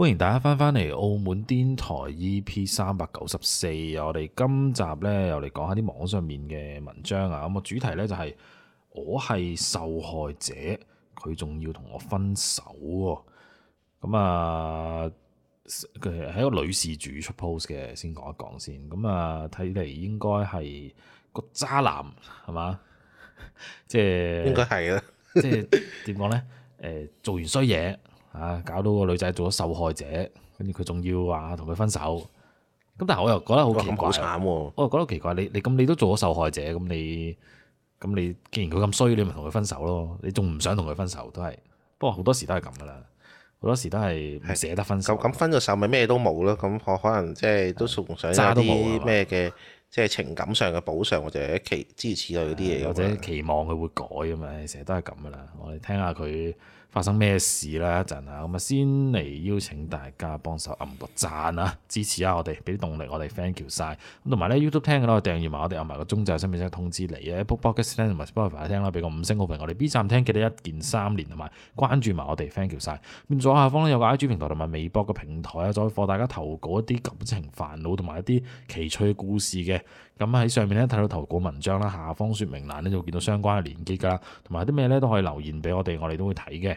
歡迎大家翻返嚟澳門癲台 E P 三百九十四。我哋今集咧又嚟講下啲網上面嘅文章啊，咁啊主題咧就係我係受害者，佢仲要同我分手喎。哦。咁、嗯、啊，佢係一個女事主出 post 嘅，先講一講先。咁、嗯、啊，睇嚟應該係個渣男係嘛？ 即係應該係啊， 即係點講咧？誒、呃，做完衰嘢。嚇、啊！搞到個女仔做咗受害者，跟住佢仲要話同佢分手。咁但係我又覺得好奇怪，慘啊、我又覺得奇怪。你你咁你都做咗受害者，咁你咁你既然佢咁衰，你咪同佢分手咯。你仲唔想同佢分手都係。不過好多時都係咁㗎啦，好多時都係唔捨得分手。咁咁分咗手咪咩、嗯、都冇咯。咁、嗯、可可能即係都仲想有啲咩嘅。即係情感上嘅補償，或者期支持佢啲嘢，或者期望佢會改咁啊！成日 都係咁噶啦，我哋聽下佢發生咩事啦一陣啊！咁啊，先嚟邀請大家幫手撳個讚啊，支持下、啊、我哋，俾啲動力我哋。Thank you 晒！咁，同埋咧 YouTube 聽嘅咧，可以訂閱埋我哋撳埋個鐘就，新片先通知你啊！Podcast 同埋 Spotify 聽啦，俾個五星好評。我哋 B 站聽，記得一鍵三連，同埋關注埋我哋、mm hmm.。Thank you 晒！曬左下方有個 IG 平台同埋微博嘅平台啊，再放大家投稿一啲感情煩惱同埋一啲奇趣故事嘅。咁喺上面咧睇到投稿文章啦，下方說明欄咧就會見到相關嘅連結噶啦，同埋啲咩咧都可以留言俾我哋，我哋都會睇嘅。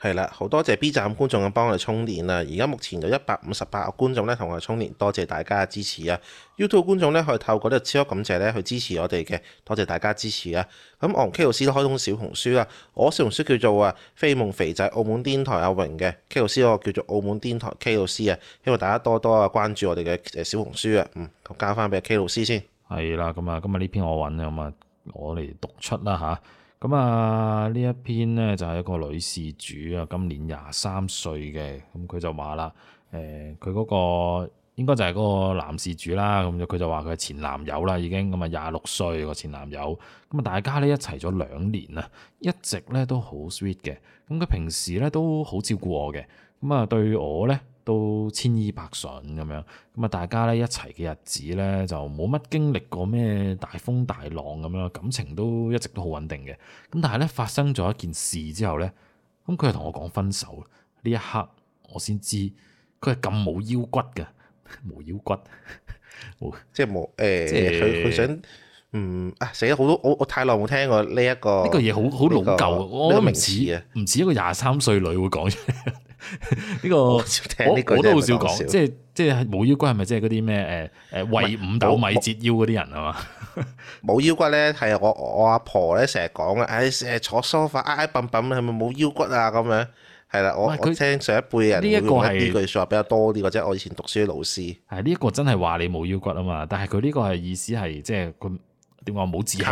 係啦，好多謝 B 站觀眾嘅幫我哋充電啦！而家目前有一百五十八個觀眾咧同我哋充電，多謝大家嘅支持啊！YouTube 觀眾咧可以透過呢個超感謝咧去支持我哋嘅，多謝大家支持啊！咁我同 K 老師都開通小紅書啦，我小紅書叫做啊飛夢肥仔澳門癲台阿榮嘅，K 老師嗰個叫做澳門癲台 K 老師啊，希望大家多多啊關注我哋嘅小紅書啊，嗯，咁交翻俾 K 老師先。係啦，咁啊，今日呢篇我揾啊嘛，我嚟讀出啦吓。咁啊，呢一篇咧就係一個女事主啊，今年廿三歲嘅，咁佢就話啦，誒佢嗰個應該就係嗰個男事主啦，咁就佢就話佢係前男友啦已經，咁啊廿六歲個前男友，咁啊大家咧一齊咗兩年啦，一直咧都好 sweet 嘅，咁佢平時咧都好照顧我嘅，咁啊對我咧，都千依百順咁樣，咁啊大家咧一齊嘅日子咧就冇乜經歷過咩大風大浪咁樣，感情都一直都好穩定嘅。咁但係咧發生咗一件事之後咧，咁佢又同我講分手。呢一刻我先知佢係咁冇腰骨嘅，冇腰骨，即係冇誒。 欸、即係佢佢想嗯啊死咗好多，我我太耐冇聽過呢一個呢個嘢好好老舊、呢個名詞，我都唔似唔似一個廿三歲女會講出嚟。 呢個我都好少講，即係即係冇、欸、腰， 腰骨係咪即係嗰啲咩？誒誒、為五斗米折腰嗰啲人啊嘛？冇、哎哎、腰骨咧係 aves, 我我阿婆咧成日講嘅，誒誒，坐梳化挨挨笨笨，係咪冇腰骨啊？咁樣係啦，我佢聽上一輩人呢一個呢句說話比較多啲，或者我以前讀書啲老師係呢一個真係話你冇腰骨啊嘛？但係佢呢個係意思係即係佢，點講冇志氣，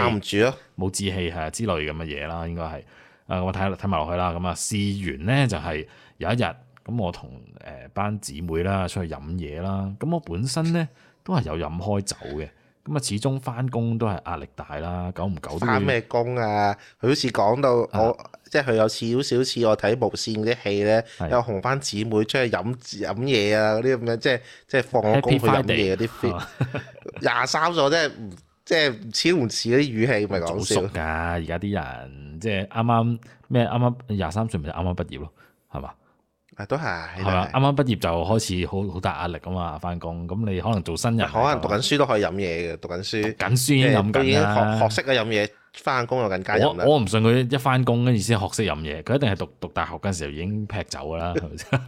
冇志氣係之類咁嘅嘢啦，應該係啊，咁睇睇埋落去啦，咁啊試完咧就係、是。有一日咁，我同誒、欸、班姊妹啦出去飲嘢啦。咁我本身咧都係有飲開酒嘅。咁啊，始終翻工都係壓力大啦，久唔久都。翻咩工啊？佢好似講到我，啊、即係佢有少少似我睇無線啲戲咧，啊、有紅班姊妹出去飲飲嘢啊嗰啲咁樣，即係 即係放工去飲嘢嗰啲 fit。廿三歲即係即係似唔似啲語氣咪講笑？噶、啊，而家啲人即係啱啱咩？啱啱廿三歲咪就啱啱畢業咯，係嘛？啊，都係，係嘛了？啱啱畢業就開始好好大壓力啊嘛！翻工咁你可能做新人，可能讀緊書都可以飲嘢嘅，讀緊書讀緊書已經飲緊啦。學學識咗飲嘢翻工又更加，我我唔信佢一翻工，跟住先學識飲嘢。佢一定係讀讀大學嗰陣時候已經劈酒㗎啦，係咪先？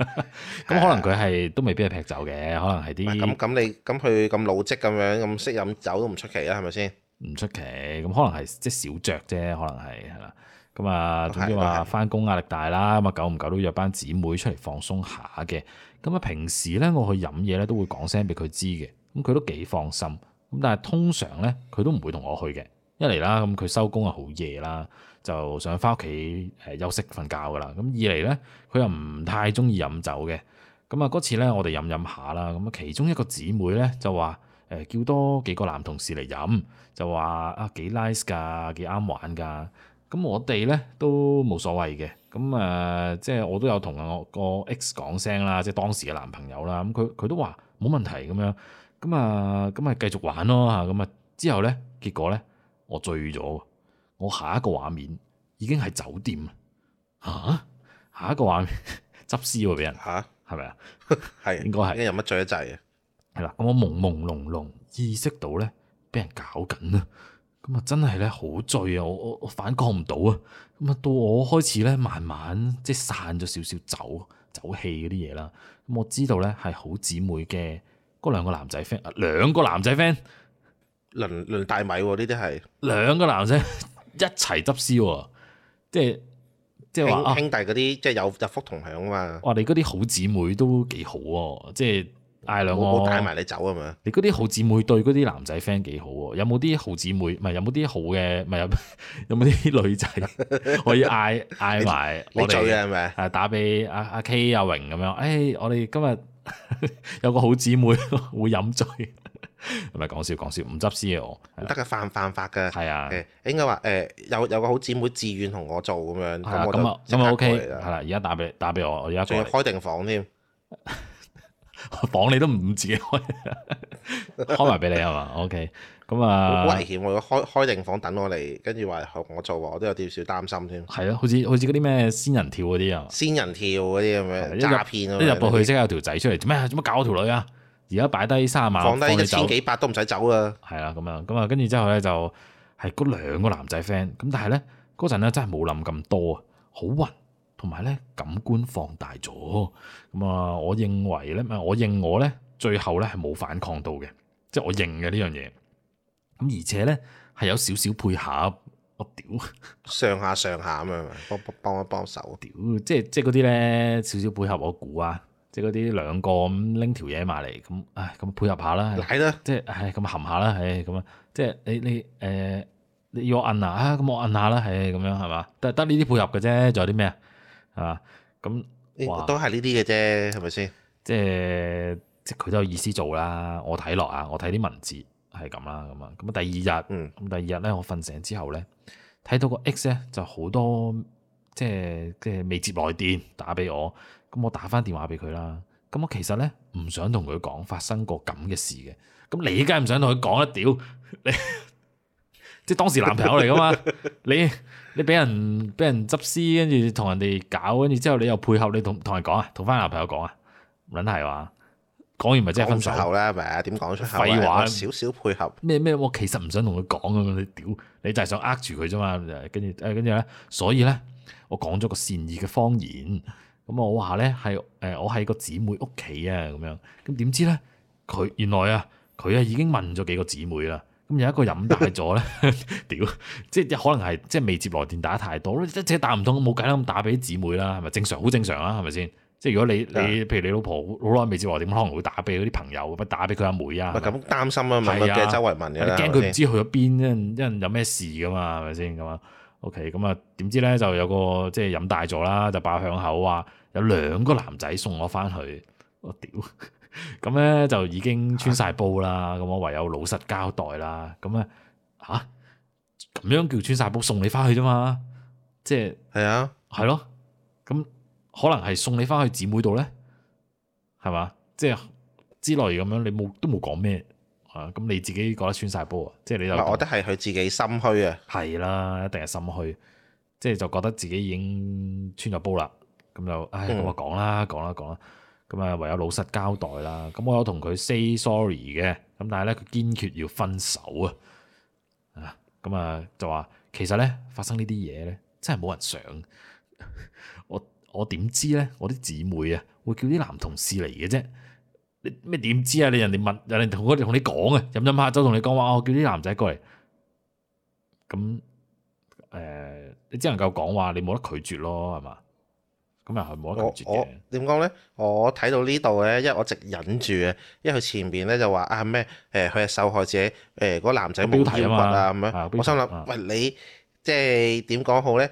咁 可能佢係都未必係劈酒嘅，可能係啲咁咁你咁佢咁老職咁樣咁識飲酒都唔出奇吖，係咪先？唔出奇，咁可能係即小酌啫，可能係係啦。咁啊，總之話翻工壓力大啦，咁啊久唔久都約班姊妹出嚟放鬆下嘅。咁啊，平時咧我去飲嘢咧都會講聲俾佢知嘅，咁佢都幾放心。咁但係通常咧，佢都唔會同我去嘅。一嚟啦，咁佢收工啊好夜啦，就想翻屋企誒休息瞓覺噶啦。咁二嚟咧，佢又唔太中意飲酒嘅。咁啊，嗰次咧我哋飲飲下啦，咁啊其中一個姊妹咧就話誒叫多幾個男同事嚟飲，就話啊幾 nice 㗎，幾啱玩㗎。咁我哋咧都冇所謂嘅，咁啊即係我都有同我個 ex 講聲啦，即係當時嘅男朋友啦，咁佢佢都話冇問題咁樣，咁啊咁啊繼續玩咯嚇，咁啊之後咧結果咧我醉咗，我下一個畫面已經係酒店啊，下一個畫面執屍喎俾人嚇，係咪啊？係 的 應該係是，因為乜醉得滯啊？係啦、嗯，咁我朦朦朧朧意識到咧俾人搞緊啦。咁啊，真係咧好醉啊！我我我反抗唔到啊！咁啊，到我開始咧，慢慢即係散咗少少酒酒氣嗰啲嘢啦。咁我知道咧係好姊妹嘅嗰兩個男仔 friend 啊，兩個男仔 friend，輪輪大米喎、哦，呢啲係兩個男仔一齊執屍、哦，即係即係話兄弟嗰啲，啊、即係有日福同享啊嘛！哇，你嗰啲好姊妹都幾好喎、哦，即係。嗌兩個，帶埋你走啊嘛！ 你嗰啲好姊妹對嗰啲男仔 friend 幾好喎？有冇啲好姊妹，唔係有冇啲好嘅，唔係有有冇啲女仔可以嗌嗌埋我哋？你做係咪？誒，打俾阿阿 K 阿榮咁樣。誒、哎，我哋今日有個好姊妹會飲醉，唔係講笑講笑，唔執屍嘢我。得噶，犯犯法噶？係啊的，誒，應該話誒，有有個好姊妹自願同我做咁樣，咁的我咁啊，咁 OK 啦。係啦，而家打俾打俾我，而家仲要開定房添。 房你都唔自己開， 開埋俾你係嘛 ？OK，咁啊，好危險！我開開定房等我嚟，跟住話我做，我都有啲少擔心添。係咯，啊，好似好似嗰啲咩仙人跳嗰啲啊，仙人跳嗰啲咁樣詐騙，一入到去即刻有條仔出嚟，做咩做乜搞我條女啊？而家擺低卅萬，放低下一千幾百都唔使走啊。係啦，咁樣咁啊，跟住之後咧就係嗰兩個男仔 friend，咁但係咧嗰陣咧真係冇諗咁多啊，好暈。同埋咧感官放大咗，咁啊，我認為咧，咪我認我咧，最後咧係冇反抗到嘅，即係我認嘅呢樣嘢。咁而且咧係有少少配合，我屌上下上下啊， 幫幫一幫手屌，即係即係嗰啲咧少少配合我估啊，即係嗰啲兩個咁拎、嗯、條嘢埋嚟咁，唉咁配合下啦，啦呢，即係唉咁含下啦，唉咁、呃、啊，即係你你誒你要我按啊，咁我摁下啦，係咁樣係嘛？得得呢啲配合嘅啫，仲有啲咩啊？啊，咁都係呢啲嘅啫，係咪先？即係即係佢都有意思做啦。我睇落啊，我睇啲文字係咁啦，咁啊，咁啊第二日，咁、嗯、第二日咧，我瞓醒之後咧，睇到個 X 咧就好多，即係即係未接來電打俾我，咁我打翻電話俾佢啦。咁我其實咧唔想同佢講發生過咁嘅事嘅。咁你梗係唔想同佢講一屌你！ 即係當時男朋友嚟噶嘛？ 你？你俾人俾人執屍，跟住同人哋搞，跟住之後你又配合，你同同人講啊，同返男朋友講啊，撚係話講完咪即係分手啦，咪點講出口？出廢話，少少配合咩咩？我其實唔想同佢講啊，你屌，你就係想呃住佢啫嘛，跟住誒跟住咧，所以咧我講咗個善意嘅謊言，咁啊我話咧係誒我喺個姊妹屋企啊咁樣，咁點知咧佢原來啊佢啊已經問咗幾個姊妹啦。咁有一個飲大咗咧，屌！ 即係可能係即係未接來電打太多咧，即係打唔通冇計啦，咁打俾姊妹啦，係咪正常？好正常啊，係咪先？即係如果你你的譬如你老婆好耐未接來電，可能會打俾嗰啲朋友，乜打俾佢阿妹啊？咁的擔心啊嘛，係啊，周圍問嘅，驚佢唔知去咗邊，因為一陣有咩事噶嘛，係咪先咁啊？OK，咁啊點知咧就有個即係飲大咗啦，就爆響口啊！有兩個男仔送我翻去，我屌！ 咁咧就已經穿晒煲啦，咁、啊、我唯有老實交代啦。咁咧吓，咁，啊，咁樣叫穿晒煲送你翻去啫嘛，即係係啊，係咯，咁可能係送你翻去姊妹度咧，係嘛，即係之類咁樣，你冇都冇講咩啊？咁你自己覺得穿晒煲啊？即係你又，就我覺得係佢自己心虛啊，係啦，一定係心虛，即係就覺得自己已經穿咗煲啦，咁就唉，咁就講啦，講啦、嗯，講啦。咁啊，唯有老實交代啦。咁我有同佢 say sorry 嘅，咁但係咧佢堅決要分手啊。啊，咁啊就話其實咧發生呢啲嘢咧真係冇人想，我我點知咧？我啲姊妹啊會叫啲男同事嚟嘅啫。你咩點知啊？你人哋問人哋同我哋同你講啊，飲飲下酒同你講話，我叫啲男仔過嚟。咁誒、呃，你只能夠講話你冇得拒絕咯，係嘛？咁又係冇得絕嘅。我我點講咧？我睇到呢度咧，因為我一直忍住嘅，因為佢前邊咧就話啊咩誒，佢係、呃、受害者誒，嗰、呃、男仔冇腰骨啊咁樣。我心諗，喂你即係點講好咧？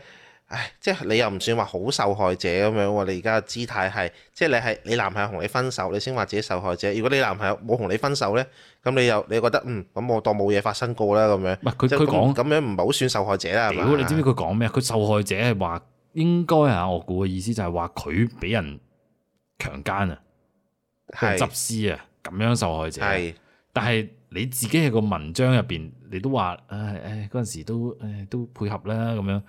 唉，即係你又唔算話好受害者咁樣。你而家姿態係即係你係你男朋友同你分手，你先話自己受害者。如果你男朋友冇同你分手咧，咁你又你覺得嗯咁我當冇嘢發生過啦咁樣。唔係佢佢講咁樣唔係好算受害者啦。如果你知唔知佢講咩？佢受害者係話。應該啊，我估嘅意思就係話佢俾人強姦啊，執屍啊，咁樣受害者。係，但係你自己喺個文章入邊，你都話，唉唉，嗰陣時都，唉都配合啦咁樣。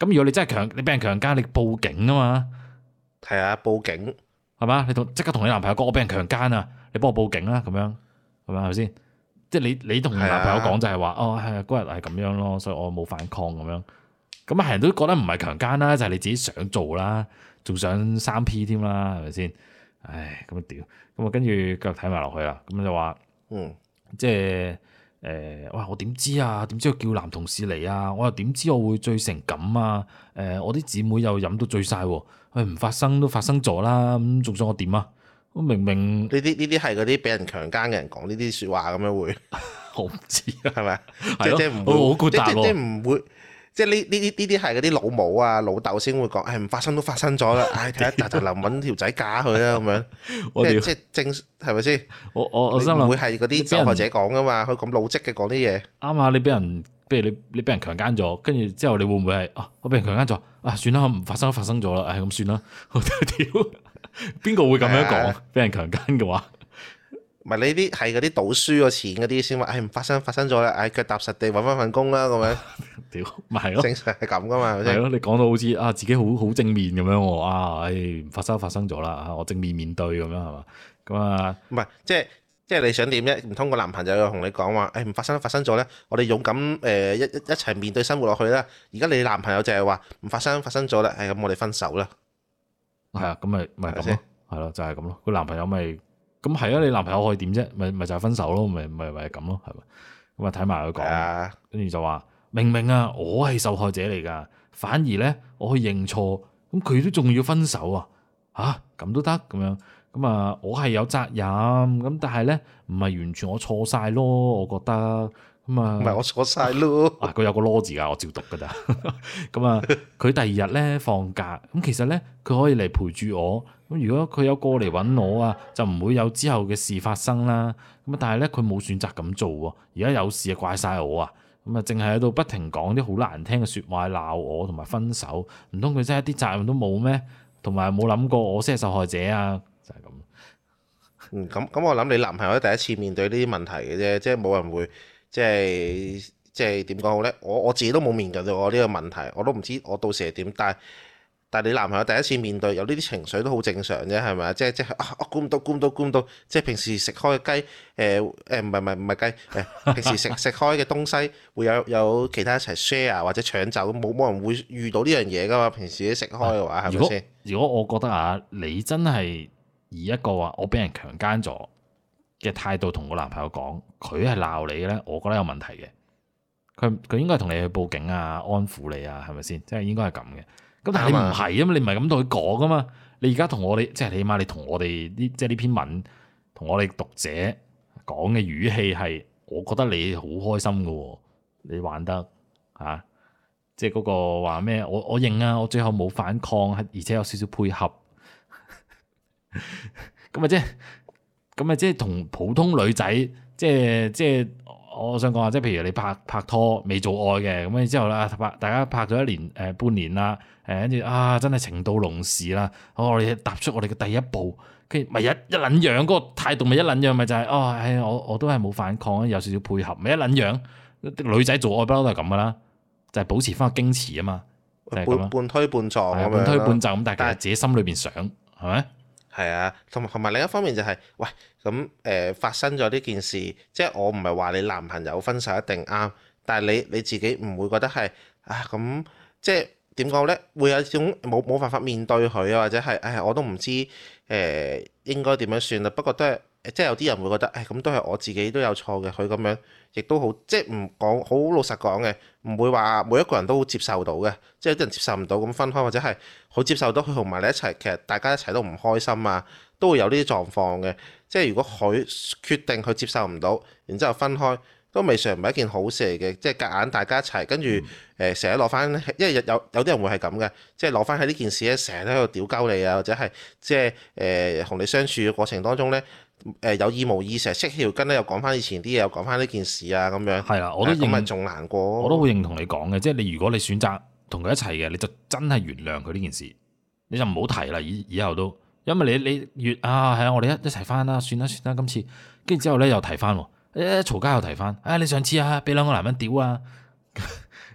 咁如果你真係強，你俾人強姦，你報警啊嘛。係啊，報警，係嘛？你同即刻同你男朋友講，我俾人強姦啊，你幫我報警啦，咁樣，係咪先？即係你你同男朋友講就係話，哦係啊，嗰日係咁樣咯，所以我冇反抗咁樣。咁啊！人都覺得唔係強姦啦，就係、是、你自己想做啦，仲想三 P 添啦，係咪先？唉，咁啊屌！咁啊，跟住繼續睇埋落去啦。咁就話、是，嗯，即係誒、欸，哇！我點知啊？點知要叫男同事嚟啊？我又點知我會醉成咁啊？誒、欸，我啲姊妹又飲到醉晒喎，唔、欸、發生都發生咗啦。咁仲想我點啊？明明呢啲呢啲係嗰啲俾人強姦嘅人講呢啲説話咁樣會，好唔 知係咪？即即唔會，即即唔會。是即係呢呢呢呢啲係嗰啲老母啊老豆先會講，誒、哎、唔發生都發生咗啦，唉，睇下大頭牛揾條仔嫁佢啦咁樣， 即係正係咪先？我我我真諗會係嗰啲受害者講噶嘛，佢咁老積嘅講啲嘢。啱啊，你俾人，譬如你你俾人強姦咗，跟住之後你會唔會係、啊，我俾人強姦咗，啊，算啦，唔發生都發生咗啦，誒、啊、咁算啦，我 屌，邊個會咁樣講？俾人強姦嘅話？唔係你啲係嗰啲賭輸個錢嗰啲先話，誒唔發生發生咗啦，誒腳踏實地搵翻份工啦，咁樣，屌，唔係咯，正常係咁噶嘛，係咯，你講到好似啊自己好好正面咁樣，我啊，誒唔發生發生咗啦，我正面面對咁樣係嘛，咁啊，唔係即係即係你想點啫？唔通個男朋友同你講話，誒唔發生發生咗咧，我哋勇敢誒一一一齊面對生活落去啦？而家你男朋友就係話唔發生發生咗啦，係咁我哋分手啦？係啊，咁咪咪咁咯，係咯，就係咁咯，個男朋友咪。咁係啊，你男朋友可以點啫？咪咪就係分手咯，咪咪咪係咁咯，係咪？咁啊睇埋佢講，跟住 Yeah. 就話明明啊，我係受害者嚟噶，反而咧我去認錯，咁佢都仲要分手啊？吓，咁都得咁樣？咁啊，我係有責任，咁但係咧唔係完全我錯晒咯，我覺得，咁啊，唔係我錯晒咯，佢、啊、有個囉字啊，我照讀噶咋？咁 啊，佢 第二日咧放假，咁其實咧佢可以嚟陪住我。咁如果佢有過嚟揾我啊，就唔會有之後嘅事發生啦。咁啊，但係呢，佢冇選擇咁做喎。而家有事啊，怪晒我啊！咁啊，淨係喺度不停講啲好難聽嘅説話鬧我，同埋分手。唔通佢真係一啲責任都冇咩？同埋冇諗過我先係受害者啊？就係咁。嗯，咁咁我諗你男朋友都第一次面對呢啲問題嘅啫，即係冇人會即係即係點講好呢？我我自己都冇面對到我呢個問題，我都唔知我到時係點，但係。但係你男朋友第一次面對有呢啲情緒都好正常啫，係咪啊？即係即係，估唔到估唔到估唔到，即係平時食開嘅雞，誒誒唔係唔係唔係雞。平時食食開嘅東西會有有其他一齊 share 或者搶走，冇冇人會遇到呢樣嘢㗎嘛？平時食開嘅話係咪先？如果我覺得啊，你真係以一個話我俾人強姦咗嘅態度同我男朋友講，佢係鬧你咧，我覺得有問題嘅。佢佢應該係同你去報警啊，安撫你啊，係咪先？即係應該係咁嘅。咁但係你唔係啊嘛，你唔係咁同佢講噶嘛。你而家同我哋，即係起碼你同我哋啲，即係呢篇文，同我哋讀者講嘅語氣係，我覺得你好開心噶。你玩得啊，即係嗰個話咩？我我認啊，我最後冇反抗，而且有少少配合。咁咪即係，咁咪即係同普通女仔，即係即係。我想講啊，即係譬如你拍拍拖未做愛嘅，咁啊之後啦，拍大家拍咗一年誒、呃、半年啦，誒跟住啊真係情到濃時啦、哦，我哋踏出我哋嘅第一步，跟住咪一一捻樣，嗰、那個態度咪一捻樣，咪就係、是、哦，哎我我都係冇反抗啊，有少少配合，咪一捻樣，女仔做愛不嬲都係咁噶啦，就係保持翻個矜持啊嘛，係咁半推半就。半推半就咁，大家、嗯、但係自己心裏邊想係咪？係啊，同埋同埋另一方面就係、是，喂，咁誒、呃、發生咗呢件事，即係我唔係話你男朋友分手一定啱，但係你你自己唔會覺得係啊咁，即係點講咧？會有種冇冇辦法面對佢啊，或者係誒我都唔知誒、呃、應該點樣算啦，不過都係。即係有啲人會覺得，誒、哎、咁都係我自己都有錯嘅。佢咁樣亦都好，即係唔講好老實講嘅，唔會話每一個人都會接受到嘅。即係有啲人接受唔到咁分開，或者係好接受到佢同埋你一齊，其實大家一齊都唔開心啊，都會有呢啲狀況嘅。即係如果佢決定佢接受唔到，然之後分開都未嘗唔係一件好事嚟嘅。即係夾硬大家一齊，跟住誒成日攞翻因為有有啲人會係咁嘅，即係攞翻喺呢件事咧，成日喺度屌鳩你啊，或者係即係誒同你相處嘅過程當中咧。誒有意無意成日識起條筋咧，又講翻以前啲嘢，又講翻呢件事啊，咁樣。係啦，我都認。咁仲難過。我都好認同你講嘅，即係你如果你選擇同佢一齊嘅，你就真係原諒佢呢件事，你就唔好提啦，以以後都。因為你你越啊，係啊，我哋一一齊翻啦，算啦算啦，今次。跟住之後咧又提翻喎，誒嘈交又提翻，啊你上次啊俾兩個男人屌啊，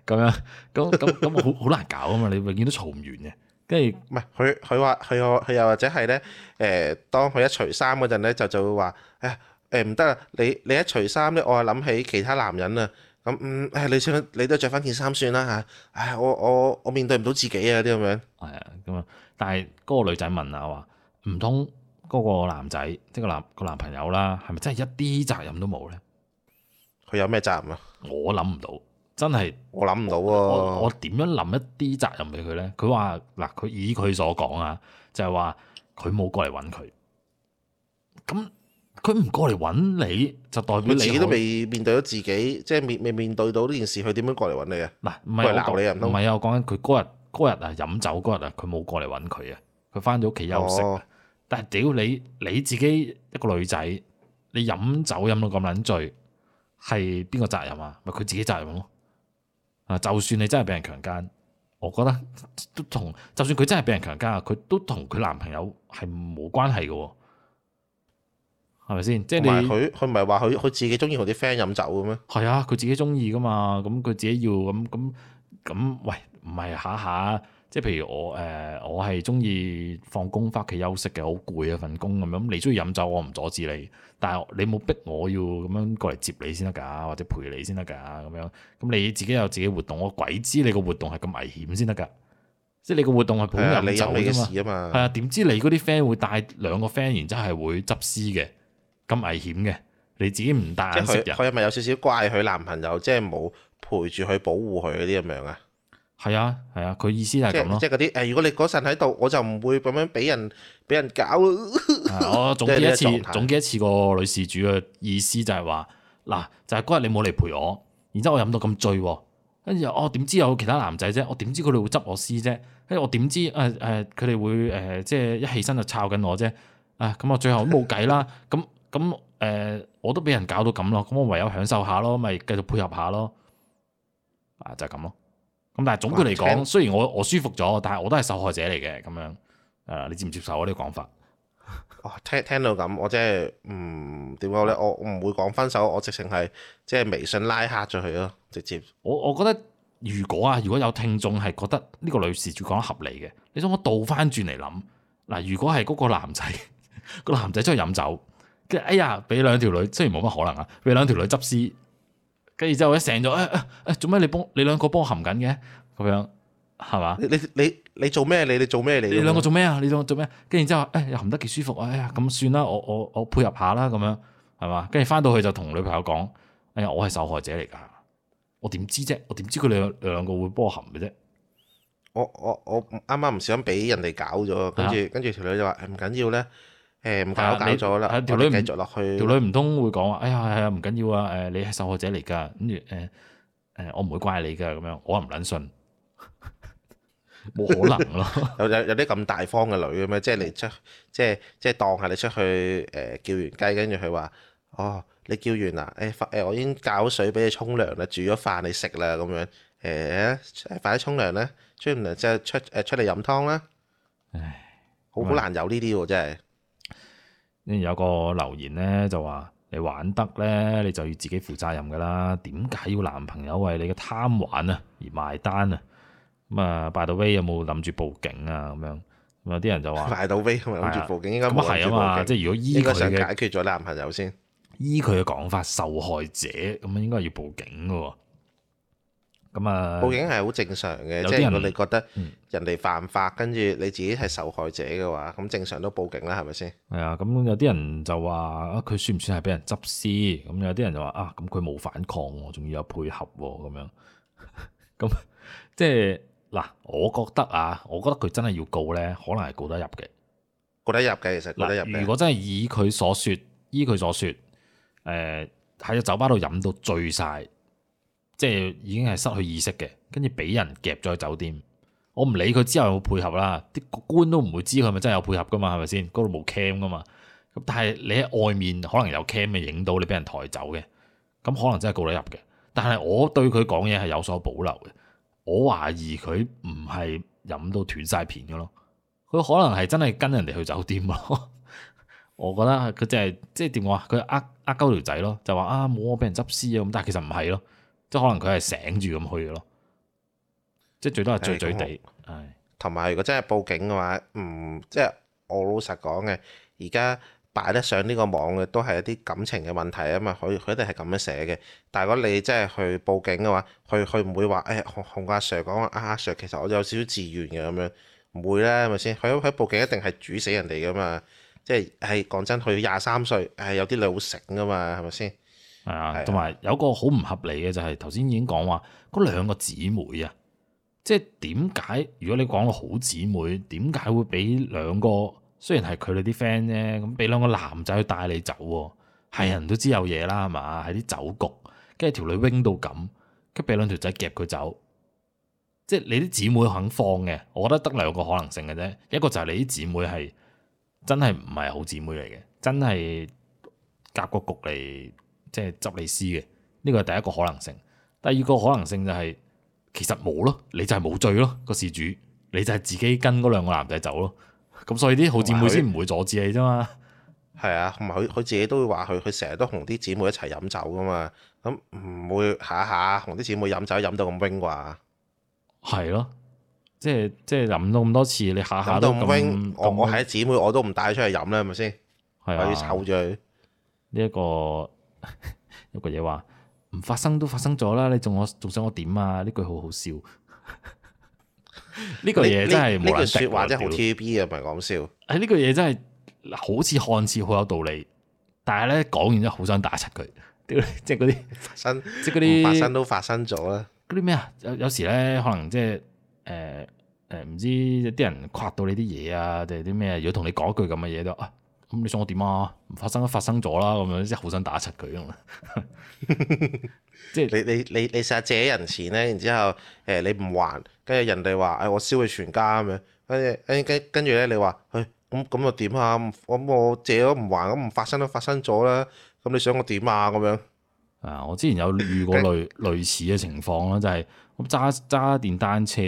咁 樣，咁咁咁好好難搞啊嘛，你永遠都嘈唔完嘅。跟住唔係佢，佢話佢又佢又或者係咧，誒、欸、當佢一除衫嗰陣咧，就就會話誒誒唔得啦！你你一除衫咧，我諗起其他男人啊，咁誒、嗯、你想你都着翻件衫算啦嚇！唉，我我我面對唔到自己啊啲咁樣。係啊，咁啊，但係嗰個女仔問啊話，唔通嗰個男仔即係個男個男朋友啦，係咪真係一啲責任都冇咧？佢有咩責任啊？我諗唔到。真係我諗唔到啊。我點樣諗一啲責任俾佢咧？佢話嗱，佢以佢所講啊，就係話佢冇過嚟揾佢。咁佢唔過嚟揾你就代表你自己都未面對咗自己，即係面未面對到呢件事，佢點樣過嚟揾你啊？嗱，唔係我鬧你唔到，唔係啊！我講緊佢嗰日嗰日啊飲酒嗰日啊，佢冇過嚟揾佢啊，佢翻咗屋企休息。哦、但係屌你你自己一個女仔，你飲酒飲到咁撚醉，係邊個責任啊？咪佢自己責任咯～啊！就算你真係俾人強奸，我覺得都同就算佢真係俾人強奸啊，佢都同佢男朋友係冇關係嘅，係咪先？即係你佢佢唔係話佢佢自己中意同啲 friend 飲酒嘅咩？係啊，佢自己中意噶嘛，咁佢自己要咁咁咁，喂，唔係、啊、下下。即係譬如我誒、呃，我係中意放工翻屋企休息嘅，好攰啊份工咁樣。你中意飲酒，我唔阻止你。但係你冇逼我要咁樣過嚟接你先得㗎，或者陪你先得㗎咁樣。咁你自己有自己活動，我鬼知你個活動係咁危險先得㗎。即係你個活動係冇人走㗎、啊、嘛。係啊，點知你嗰啲 friend 會帶兩個 friend，然之後係會執屍嘅，咁危險嘅。你自己唔帶眼識人，即係佢佢係咪有少少怪佢男朋友，即係冇陪住佢保護佢嗰啲咁樣啊？係啊，係啊，佢意思就係咁咯。即係嗰啲誒，如果你嗰陣喺度，我就唔會咁樣俾人俾人搞、 啊。我總結一次，總結一次個女事主嘅意思就係話，嗱，就係嗰日你冇嚟陪我，然之後我飲到咁醉，跟住我點知有其他男仔啫？我點知佢哋會執我屍啫？跟、哎、住我點知誒誒，佢、呃、哋、呃、會誒、呃、即係一起身就抄緊我啫？啊、哎，咁我最後都冇計啦。咁咁誒，我都俾人搞到咁咯。咁我唯有享受下咯，咪繼續配合下咯。啊，就係咁咯。咁但係總括嚟講，聽雖然我我舒服咗，但係我都係受害者嚟嘅，咁樣誒，你接唔接受我呢個講法？哦、嗯，聽聽到咁，我真係唔點講咧，我唔會講分手，我直情係即係微信拉黑咗佢咯，直接。我我覺得如果啊，如果有聽眾係覺得呢個女事主講得合理嘅，你想我倒翻轉嚟諗嗱，如果係嗰個男仔，個 男仔出去飲酒，跟住哎呀俾兩條女，雖然冇乜可能啊，俾兩條女執屍。跟住之後一醒咗，誒誒誒，做、哎、咩？你幫你兩個幫我含緊嘅，咁樣係嘛？你你你做咩你？你做咩你？你兩個做咩啊？你兩個做咩？跟住之後，誒、哎、含得幾舒服，哎呀咁算啦，我我我配合下啦，咁樣係嘛？跟住返到去就同女朋友講，哎呀，我係受害者嚟㗎，我點知啫？我點知佢兩兩個會幫我含嘅啫？我我我啱啱唔想俾人哋搞咗，跟住、啊、跟住條女就話唔緊要咧。誒唔搞搞咗啦，條女繼續落去，條女唔通會講話，哎呀係啊，唔緊要啊，誒你係受害者嚟噶，跟住誒誒我唔會怪你噶。咁樣我唔捻信，冇可能咯。有有啲咁大方嘅女咁樣？即係你出即係即係當下你出去誒叫完雞，跟住佢話，哦你叫完啦，誒誒我已經攪水俾你沖涼啦，煮咗飯你食啦，咁樣誒快啲沖涼咧，沖完涼即係出誒出嚟飲湯啦。唉，好難有呢啲喎，真係。有個留言咧，就話你玩得咧，你就要自己負責任噶啦。點解要男朋友為你嘅貪玩啊而埋單啊？咁、嗯、啊，by the way 有冇諗住報警啊？咁樣，咁有啲人就話 by the way 有冇諗住報警？應該唔係啊嘛，即係如果依佢想解決咗男朋友先。依佢嘅講法，受害者咁應該要報警嘅喎、啊。咁啊，嗯、報警係好正常嘅。有啲人即係我哋覺得人哋犯法，跟住、嗯、你自己係受害者嘅話，咁正常都報警啦，係咪先？係、嗯嗯、啊，咁、嗯、有啲人就話啊，佢算唔算係俾人執屍？咁有啲人就話啊，咁佢冇反抗喎，仲要有配合喎，咁樣。咁、嗯嗯、即係嗱，我覺得，我覺得啊，我覺得佢真係要告咧，可能係告得入嘅，告得入嘅其實，告得入嘅。其實告得入。如果真係以佢所說，依佢所說，誒喺個酒吧度飲到醉晒。即係已經係失去意識嘅，跟住俾人夾咗去酒店。我唔理佢之後有冇配合啦，啲官都唔會知佢咪真係有配合噶嘛，係咪先？嗰度冇 cam 噶嘛。咁但係你喺外面可能有 cam 咪影到你俾人抬走嘅，咁可能真係告你入嘅。但係我對佢講嘢係有所保留嘅，我懷疑佢唔係飲到斷晒片嘅咯，佢可能係真係跟人哋去酒店咯。 我覺得佢真係即係點講，佢呃呃鳩條仔咯，就話啊冇我俾人執屍啊咁，但係其實唔係咯。即可能佢係醒住咁去嘅咯，即最多係醉醉地，係、嗯。同埋是如果真係報警嘅話，唔、嗯、即係我老實講嘅，而家擺得上呢個網嘅都係一啲感情嘅問題啊嘛，佢佢一定係咁樣寫嘅。但係如果你真係去報警嘅話，佢佢唔會話誒同同阿 Sir 講、啊、阿阿 Sir 其實我有少少自願嘅咁樣，唔會啦係咪先？佢佢報警一定係煮死人哋噶嘛，即係係講真，佢廿三歲誒有啲女好醒噶嘛，係咪先？係啊，同埋有個好唔合理嘅就係頭先已經講話嗰兩個姊妹啊，即係點解如果你講個好姊妹，點解會俾兩個雖然係佢哋啲 friend 啫，咁俾兩個男仔去帶你走？係人都知有嘢啦，係嘛？喺啲酒局，跟住條女 wing 到咁，跟住俾兩條仔夾佢走，即係你啲姊妹肯放嘅，我覺得得兩個可能性嘅啫，一個就係你啲姊妹係真係唔係好姊妹嚟嘅，真係夾個局嚟。即係執你屍嘅，呢個係第一個可能性。第二個可能性就係其實冇咯，你就係冇罪咯，個事主你就係自己跟嗰兩個男仔走咯。咁所以啲好姊妹先唔會阻止你啫嘛。係啊，同埋佢佢自己都會話佢，佢成日都同啲姊妹一齊飲酒噶嘛。咁唔會下下同啲姊妹飲酒飲到咁冰啩？係咯，即係即係飲到咁多次，你下下都咁冰？我我係姊妹，我都唔帶佢出去飲啦，係咪先？係啊。我要受罪。呢一個。 有個嘢，話唔發生都發生咗啦，你仲，我仲想我點啊？呢句好好笑，呢 個嘢，真係呢個說話真係好 TVB 啊，唔係講笑。誒，呢個嘢真係好似看似好有道理，但係咧講完之後好想打柒佢。即係嗰啲發生，即係嗰啲發生都發生咗啦。嗰啲咩啊？有有時咧，可能即係誒誒，唔、呃呃、知啲人誇到你啲嘢啊，定係啲咩要同你講句咁嘅嘢都。啊咁、嗯、你想我點啊？唔發生都發生咗啦，咁樣即係好想打柒佢，即 係、 就是、 你你你你成日借人錢咧，然之後誒、欸、你唔還，跟住人哋話誒我燒佢全家咁、哎哎哎、樣，跟住跟跟跟住咧你話去咁咁又點啊？咁、嗯、我借咗唔還，咁唔發生都發生咗啦。咁、嗯、你想我點啊？咁樣啊，我之前有遇過類 類似嘅情況啦，就係咁揸揸電單車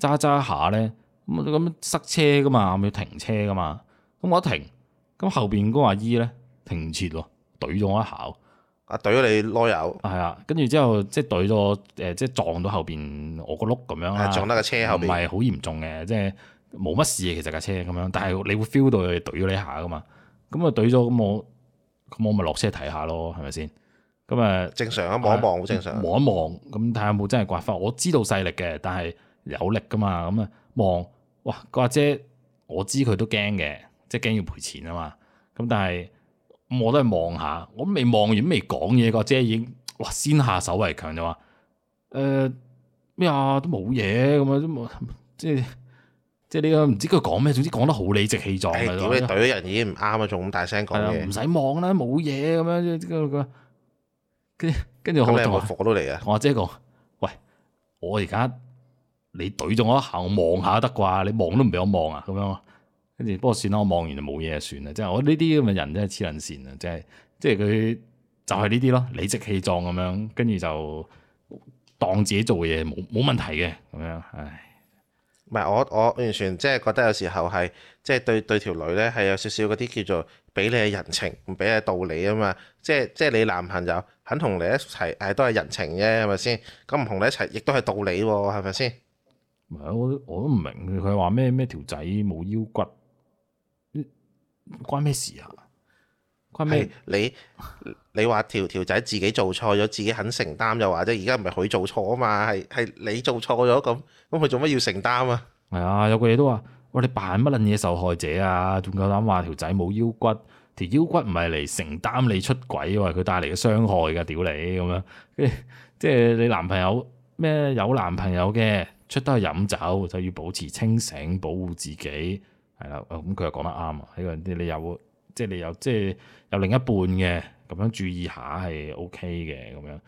揸揸下咧咁咁塞車噶嘛，咪要停車噶嘛，咁我一停。咁後邊嗰阿姨咧停唔切喎，懟咗我一下。啊，懟咗你囉柚，係啊，跟住之後即係懟咗，誒，即係撞到後邊我個碌咁樣啊，撞得個車後面，唔係好嚴重嘅，即係冇乜事嘅其實架車咁樣。但係你會 feel 到佢懟咗你一下噶嘛？咁啊懟咗咁我咁我咪落車睇下咯，係咪先？咁、嗯、啊正常啊一望一望好正常，望一望咁睇下有冇真係刮花。我知道勢力嘅，但係有力噶嘛。咁啊望，哇，哇個阿姐，我知佢都驚嘅。即係驚要賠錢啊嘛！咁但係我都係望下，我未望完未講嘢，個姐已經哇先下手為強就話誒，咩啊都冇嘢，咁啊都冇，即係即係呢個唔知佢講咩，總之講得好理直氣壯嘅咯。屌，你懟人已經唔啱啊，仲咁大聲講嘢，唔使望啦，冇嘢咁樣。跟住跟住我同阿姐講：喂，我而家你懟咗我一下，我望下得啩？你望都唔俾我望啊咁樣。跟住，不過算啦，我望完就冇嘢算啦。即係我呢啲咁嘅人真係黐撚線啊！即係即係佢就係呢啲咯，理直氣壯咁樣，跟住就當自己做嘢冇冇問題嘅咁樣。唉，唔係我我完全即係覺得有時候係即係對對條女咧係有少少嗰啲叫做俾你嘅人情，唔俾你道理啊嘛。即係即係你男朋友肯同你一齊，誒都係人情啫，係咪先？咁唔同你一齊，亦都係道理喎，係咪先？唔係我我都唔明佢話咩咩條仔冇腰骨。關咩事啊？關咩？你你話條條仔自己做錯咗，自己肯承擔，又或者而家唔係佢做錯啊嘛？係係你做錯咗咁，咁佢做乜要承擔啊？係啊、哎，有個嘢都話，喂，你扮乜撚嘢受害者啊？仲夠膽話條仔冇腰骨，條腰骨唔係嚟承擔你出軌為佢帶嚟嘅傷害噶？屌你咁樣，即係你男朋友咩，有男朋友嘅，出得去飲酒就要保持清醒，保護自己。係啦，咁佢又講得啱啊！呢個人啲你有，即係你有，即係有另一半嘅咁樣注意下係 OK 嘅咁樣，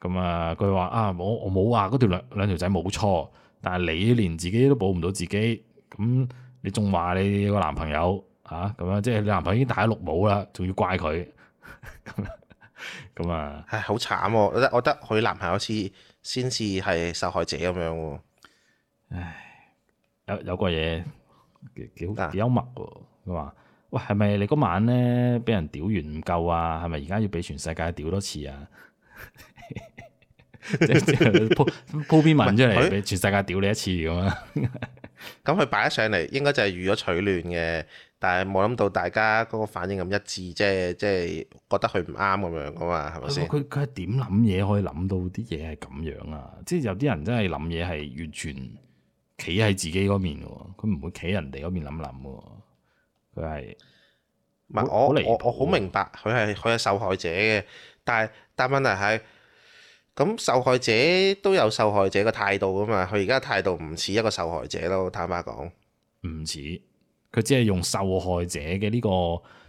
咁啊佢話啊我我冇話嗰條兩兩條仔冇錯，但係你連自己都保唔到自己，咁你仲話你個男朋友吓咁樣，即係你男朋友已經戴咗綠帽啦，仲要怪佢咁啊？唉，好慘啊，我覺得我覺得佢男朋友似先至係受害者咁樣啊，唉，有有個嘢。幾幾幽默喎，佢話：喂，係咪你嗰晚咧俾人屌完唔夠啊？係咪而家要俾全世界屌多次啊？ 即係鋪鋪篇文出嚟俾喂全世界屌你一次咁啊？咁佢擺咗上嚟，應該就係預咗取亂嘅，但係冇諗到大家嗰個反應咁一致，即係即係覺得佢唔啱咁樣噶嘛，係咪先？佢佢係點諗嘢可以諗到啲嘢係咁樣啊？即係有啲人真係諗嘢係完全……企喺自己嗰邊喎，佢唔會企人哋嗰邊諗諗喎，佢係唔係我，我好明白佢係佢係受害者嘅，但係但問題係咁，受害者都有受害者嘅態度噶嘛，佢而家態度唔似一個受害者咯，坦白講唔似，佢只係用受害者嘅呢個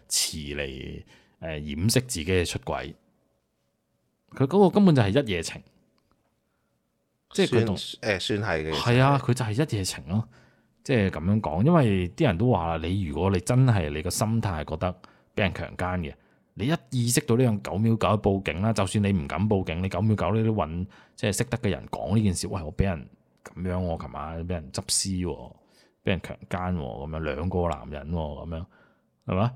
詞嚟誒掩飾自己嘅出軌，佢嗰個根本就係一夜情。即係佢同誒，算係嘅。係啊，佢就係一夜情咯啊。即係咁樣講，因為啲人都話啦，你如果你真係你個心態覺得俾人強姦嘅，你一意識到呢樣九秒九報警啦，就算你唔敢報警，你九秒九你都搵即係識得嘅人講呢件事，喂，我俾人咁樣，我琴晚俾人執屍，俾人強姦，咁樣兩個男人啊，咁樣係嘛？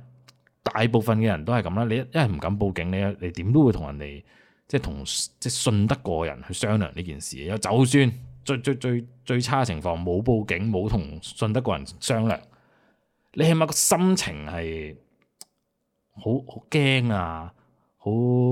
大部分嘅人都係咁啦。你一係唔敢報警，你你點都會同人哋。即係同即係信得過嘅人去商量呢件事，因為就算最最最最差情況冇報警冇同信得過嘅人商量，你起碼個心情係好好驚啊，好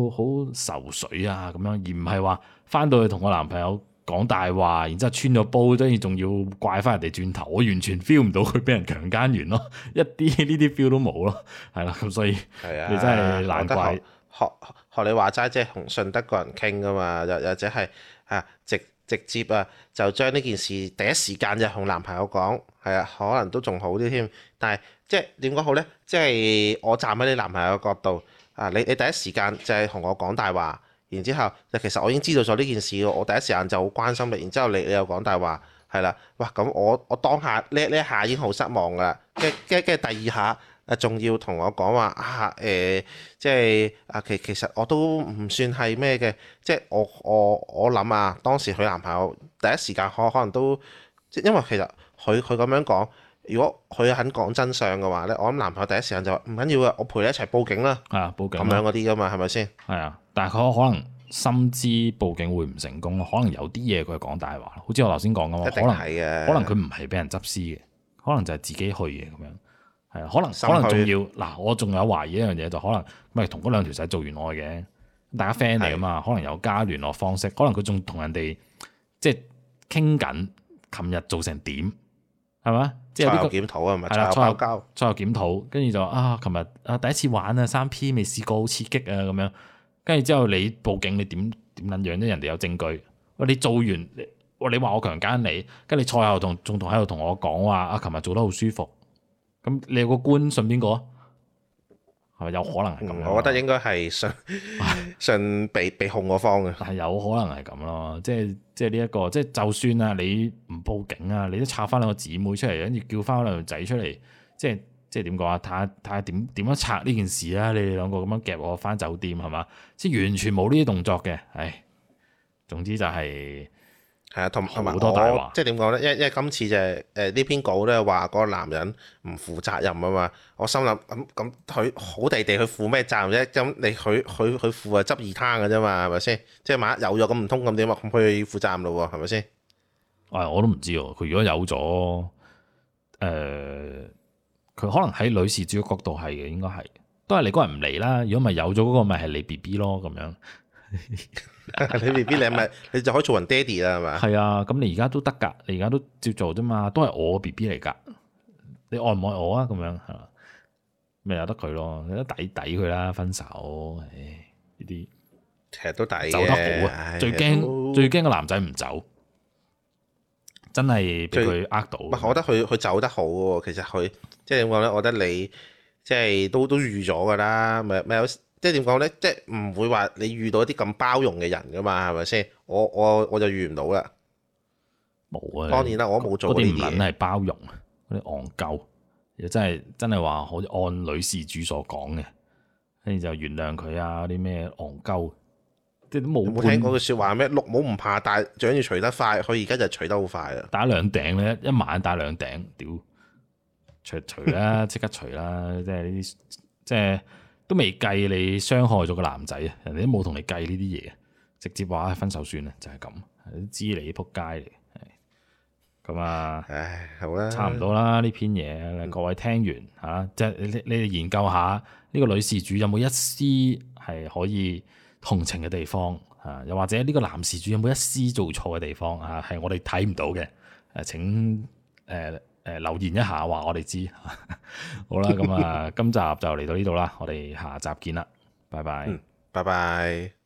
好愁水啊咁樣，而唔係話翻到去同我男朋友講大話，然之後穿咗煲，跟住仲要怪翻人哋轉頭，我完全 feel 唔到佢俾人強姦完咯，一啲呢啲 feel 都冇咯，係啦、啊，咁所以你真係難怪、啊。學學你話齋，即係同順德個人傾噶嘛，又或者係啊直直接啊，就將呢件事第一時間就同男朋友講，係啊，可能都仲好啲添。但係即係點講好咧？即係我站喺你男朋友嘅角度啊，你你第一時間就係同我講大話，然之後其實我已經知道咗呢件事，我第一時間就好關心你，然之後你你又講大話，係啦，哇咁我我當下呢呢一下已經好失望噶啦，跟跟跟第二下。仲要同我講話啊，誒、欸，即係啊，其其實我都唔算係咩嘅，即係我我我諗啊，當時佢男朋友第一時間可可能都，即因為其實佢佢咁樣講，如果佢肯講真相嘅話咧，我諗男朋友第一時間就話唔緊要啦，我陪你一齊報警啦，啊，報警咁、啊、樣嗰啲噶嘛，係咪先？係啊，但係佢可能深知報警會唔成功咯，可能有啲嘢佢係講大話，好似我頭先講咁啊，可能係嘅，可能佢唔係俾人執屍嘅，可能就係自己去嘅咁樣。係可能可能仲要嗱，我仲有懷疑一樣嘢，就可能咪同嗰兩條仔做完愛嘅，大家 friend 嚟噶嘛，可能有加聯絡方式，可能佢仲同人哋即係傾緊，琴日做成點，係嘛？即係呢個檢討啊，咪賽後交賽後檢討，跟住就啊，琴日啊第一次玩啊三 P 未試過，好刺激啊咁樣，跟住之後你報警，你點點撚樣咧？人哋有證據，我你做完，你話我強奸你，跟住賽後同仲同喺度同我講話，啊琴日做得好舒服。咁你有個官信邊個啊？係咪有可能係咁？嗯，我覺得應該係信信被被控嗰方嘅，但係有可能係咁咯。即係即係呢一個，即係就算啊，你唔報警啊，你都拆翻兩個姊妹出嚟，跟住叫翻兩條仔出嚟，即係即係點講啊？睇下睇下點點樣拆呢件事啊？你哋兩個咁樣夾我翻酒店係嘛？即係完全冇呢啲動作嘅。唉，總之就係……係啊，同埋好多大話，即係點講咧？因為因為今次就誒、是、呢、呃、篇稿咧，話嗰個男人唔負責任啊嘛。我心諗咁咁，佢好地地去負咩責任啫？咁你佢佢佢負啊執二攤嘅啫嘛，係咪先？即係萬一有咗咁唔通咁點啊？咁佢負責任咯喎，係咪先？啊！哎、我都唔知喎，佢如果有咗誒，佢、呃、可能喺女士主角度係嘅，應該係都係你嗰人唔嚟啦。如果咪有咗嗰、那個，咪、就、係、是、你 B B 咯咁樣。 你 B B 你咪你就可以做人爹哋啦係嘛？係 吧啊，咁你而家都得噶，你而家都照做啫嘛，都係我 B B 嚟噶，你愛唔愛我啊？咁樣係嘛？咪由得佢咯，你抵抵佢啦，分手，呢啲其實都抵，走得好啊，哎、呀最驚怕最驚個男仔唔走，真係俾佢呃到最。我覺得佢佢走得好，其實佢即係點講咧？就是、我覺得你即係都都預咗噶啦，咩咩？即係點講咧？即係唔會話你遇到一啲咁包容嘅人噶嘛？係咪先？我我我就遇唔到啦。冇啊！當然啦，我冇做啲唔係包容，嗰啲戇鳩，又真係真係話好似按女事主所講嘅，跟住就原諒佢啊！嗰啲咩戇鳩，即係都冇冇聽過個説話咩？綠帽唔怕戴，但係最緊要除得快。佢而家就除得好快啦！打兩頂咧，一晚打兩頂，屌！除除啦，即刻除啦！即係呢啲即係。即都未計你傷害咗個男仔啊！人哋都冇同你計呢啲嘢，直接話分手算啦，就係咁，知你撲街嚟。咁啊，唉，好啦，差唔多啦。呢篇嘢各位聽完嚇，即係你哋研究下呢個女事主有冇一絲係可以同情嘅地方啊？又或者呢個男事主有冇一絲做錯嘅地方啊？係我哋睇唔到嘅，誒請誒。呃誒留言一下，話我哋知 好啦。咁啊，今集就嚟到呢度啦， 我哋下集見啦，拜拜，嗯、拜拜。